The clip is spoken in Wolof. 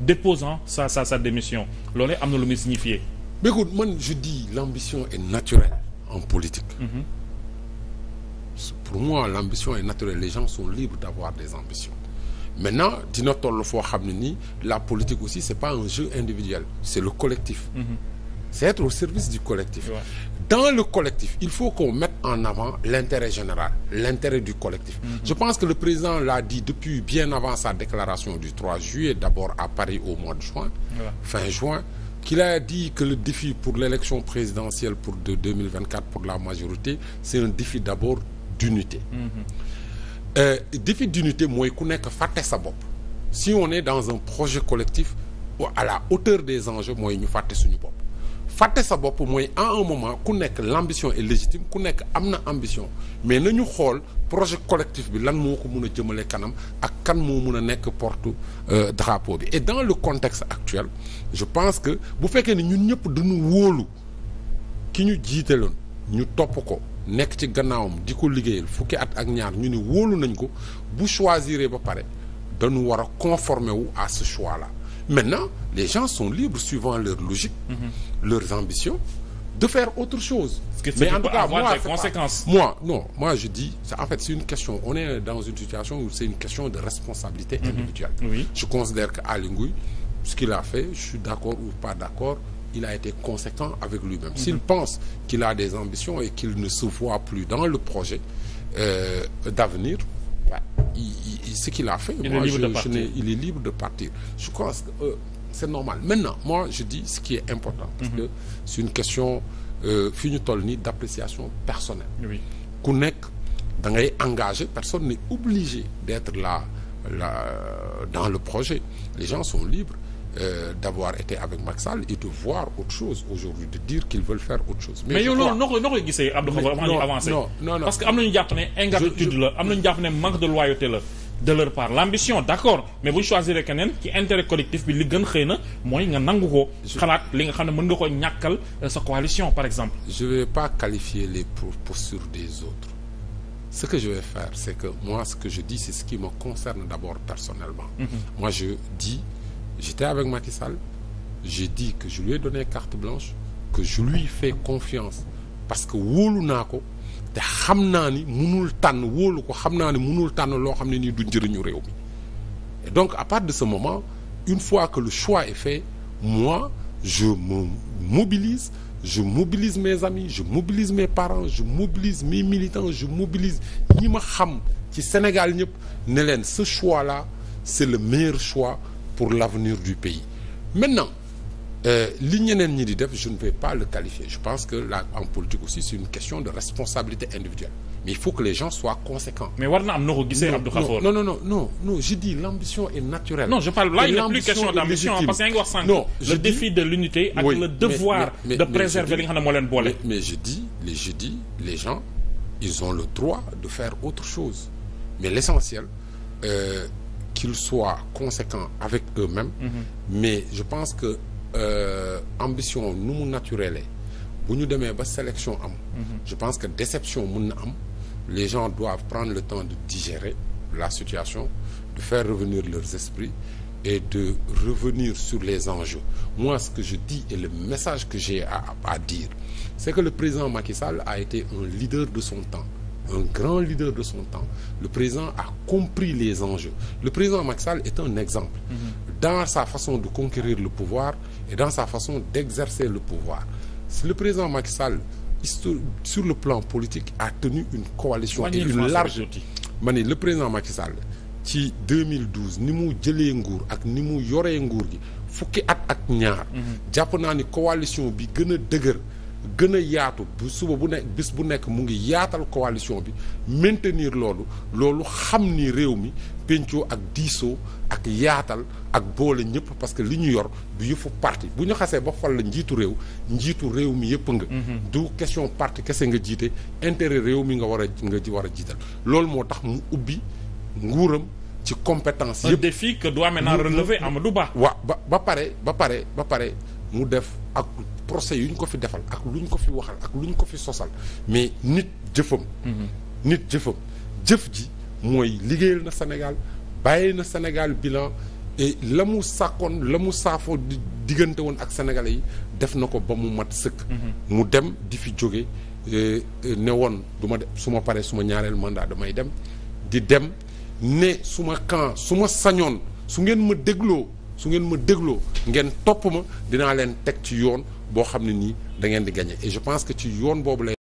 déposant sa sa sa démission loolu am na lu muy signifier. mais écoute man je dis l'ambition est naturelle en politique. Mm -hmm. pour moi l'ambition est naturelle les gens sont libres d'avoir des ambitions. maintenant dina toll foo xam ne nii la politique aussi c'est pas un jeu individuel c'est le collectif. Mhm. c'est être au service du collectif. Ouais. Dans le collectif, il faut qu'on mette en avant l'intérêt général, l'intérêt du collectif. Mm-hmm. Je pense que le président l'a dit depuis bien avant sa déclaration du 3 juillet, d'abord à Paris au mois de fin juin, qu'il a dit que le pour l'élection présidentielle pour de 2024 pour la majorité, c'est un défi d'abord d'unité. Mm -hmm. euh, défi d'unité mooy ku nekk fàtte sa bopp. Si dans un projet collectif à la des enjeux mooy ñu fàtte suñu bopp. fàtte sa bopp mooy en un moment ku nekk l'ambition est légitime ku nekk am na ambition mais na ñu xool projet collectif bi lan moo ko mun a jëmale kanam ak kan moo mun a nekk porte euh, drapeau bi et dans le contexte actuel je pense que bu fekkee ne ñun ñëpp dañu wóolu ki ñu jiitaloon ñu topp ko nekk ci gannaawam di ko liggéeyal fukki at ak ñaar ñu ni wóolu nañ ko bu choisir ba pare dañu war a conformer wu à ce choix là maintenant les gens sont libres suivant leur logique mmh. leurs ambitions de faire autre chose que mais en tout cas moi des conséquences pas, moi non moi je dis en fait c'est une question on est dans une situation où c'est une question de responsabilité mhm. individuelle oui. je considère que Aly Ngouille ce qu'il a fait je suis d'accord ou pas d'accord il a été conséquent avec lui-même mhm. s'il mm -hmm. pense qu'il a des ambitions et qu'il ne se voit plus dans le projet euh, d'avenir il, il, ce qu'il a fait. Il est libre de partir. Je il est crois que euh, c'est normal. Maintenant, moi, je dis ce qui est important. Parce mm -hmm. que mhm. c'est une question euh, fi ñu toll nii d'appréciation personnelle. Oui. ku nekk da ngay engagé personne n'est obligé d'être là là dans le projet. Les gens sont libres. euh, d'avoir été avec Macky Sall et de voir autre chose aujourd'hui de dire qu'ils veulent faire autre chose. mais yow loolu noo koy noo koy gisee Abdou Khadre avant parce que am nañu jàpp ne ingratitude la am nañu jàpp ne manque de loyauté la de leur part l'ambition d'accord mais bu ñu choisir keneen ci intérêt collectif bi li gën xëy na mooy nga nangu ko. xalaat li nga xam ne mën nga ko ñàkkal euh, sa coalition par exemple. je vais pas qualifier les postures que je vais faire c'est que moi j'étais avec Macky Sall j'ai dit que je lui ai donné carte blanche que je lui fais confiance parce que wóolu naa ko te xam naa ni mënul tànn woolu ko xam naa ni mënul tànn loo xam ne nii du njëriñu réew mi et donc à part de ce moment une fois que le choix est fait moi je me mobilise je mobilise mes amis je mobilise mes parents je mobilise mes militants je mobilise ñi ma xam ci Sénégal ñëpp ne leen ce choix la c'est le meilleur choix pour l'avenir du pays maintenant euh, li ñeneen ñi di def je ne vais pas le qualifier je pense que là en politique aussi c'est une question de responsabilité individuelle mais il faut que les gens soient conséquents. mais war na am na ko gisee Abdou Khafor. non non non non non je dis l'ambition est naturelle. non je parle là il n'est plus question d'ambition parce que yaa ngi wax sànq. non je le dis, défi de l'unité ak oui, le devoir mais, mais, de préserver li nga xam ne moo leen boole. mais je dis les je dis les gens ils ont le droit de faire autre chose mais l'essentiel. Euh, qu'ils soient conséquents avec eux-mêmes mm-hmm. mais je pense que euh, ambition nu mu naturelle bu ñu demee ba sélection am mm-hmm. je pense que déception mun na am les gens doivent prendre le temps de digérer la situation de faire revenir leurs esprits et de revenir sur les enjeux moi ce que je dis et le message que j'ai à, à dire c'est que le président Macky Sall a été un leader de son temps un grand leader de son temps le président a compris les enjeux le président Macky Sall est un exemple mm -hmm. dans sa façon de conquérir le pouvoir et dans sa façon d'exercer le pouvoir si le président Macky Sall sur le plan politique a tenu une coalition Manier et une large ma ne le président Macky Sall ci 2012 ni mu jëlee nguur ak ni mu yoree nguur gi fukki at ak ñaar mhm. jàpp naa ni coalition bi gën a dëgër gën a yaatu bu suba bu nekk bis bu nekk mu ngi yaatal coalition bi maintenir loolu loolu xam ni réew mi pencoo ak diisoo ak yaatal ak boole ñëpp parce que li ñu yor du yëfu parti bu ñu xasee ba fal la njiitu réew njiitu réew mi yëpp nga. Mhm. du question parti kese nga jiite intérêt réew mi nga war a nga war a jiital loolu moo tax mu ubbi nguuram. ci compétence yëpp un défi que doit maintenant relever Amadou Ba. waaw ba ba pare ba pare ba pare mu def ak. procès yu ñu ko fi defal ak lu ñu ko fi waxal ak lu ñu ko fi sosal mais nit jëfam nit jëf ji mooy liggéeyal na Sénégal bàyyi na Sénégal bilan et la mu sàkkoon la mu saafoo di diggante woon ak sénégalais yi def na ko ba mu mat sëkk mhm. mu dem di fi jóge euh, ne woon du ma dem su ma paree su ma ñaareel mandat damay dem di dem ne su ma camp su ma sañoon su ngeen ma dégloo su ngeen ma dégloo ngeen topp ma dinaa leen teg ci yoon boo xam ne nii dangeen di gagné et je pense que ci yoon boobu lay.